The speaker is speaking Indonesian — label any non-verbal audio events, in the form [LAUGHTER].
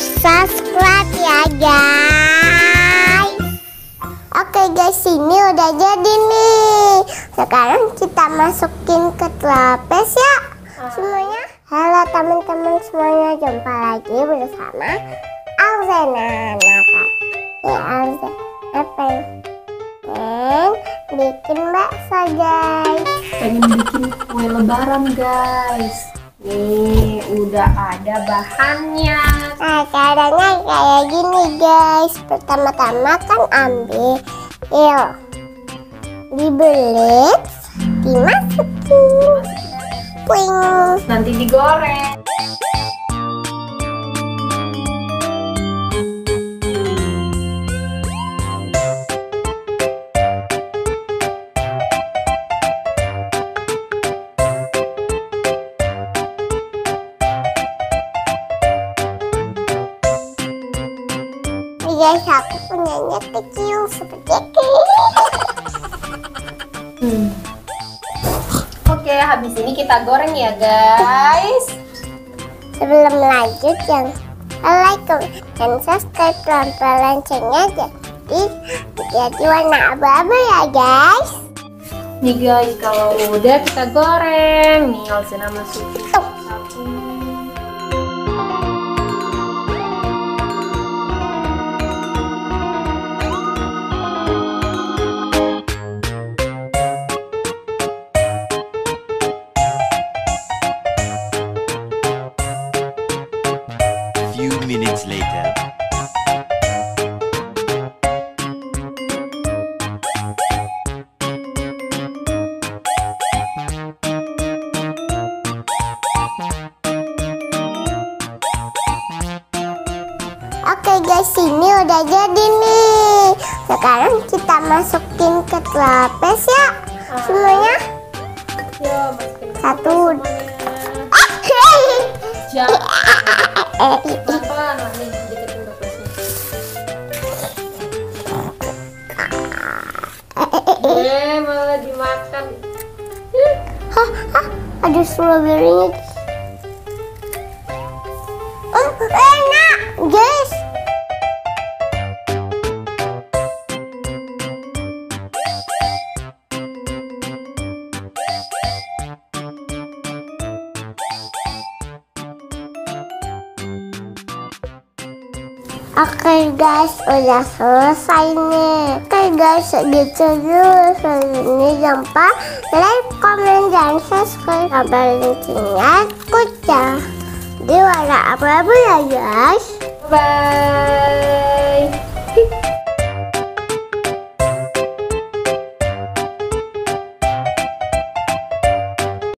subscribe ya guys Oke guys ini udah jadi nih Sekarang kita masukin ke trapes ya ah. semuanya Halo teman-teman semuanya jumpa lagi bersama Alzena Ini nah, eh, Alzena apa ya? bikin bakso guys Pengen bikin kue lebaran guys Nih udah ada bahannya. Nah, caranya kayak gini guys. Pertama-tama kan ambil il dibelit, dimasukin, puing. Nanti digoreng. guys, aku punya kecil seperti ini. hmm. Oke, habis ini kita goreng ya guys. Sebelum lanjut, jangan like, dan subscribe, tanpa loncengnya jadi jadi warna abu-abu ya guys. Nih guys, kalau udah kita goreng, nih Alsina masuk. later. Oke guys, ini udah jadi nih. Sekarang kita masukin ke lapis ya semuanya. Satu. Jangan. [LAUGHS] Eh, eh, eh, ah, ah, ada strawberry-nya. Oh, oh, enak. Oke guys, udah selesai nih. Oke guys, gitu dulu video jumpa. Like, comment, dan subscribe. Kabar linknya kucah. Di warna apa-apa ya guys. Bye.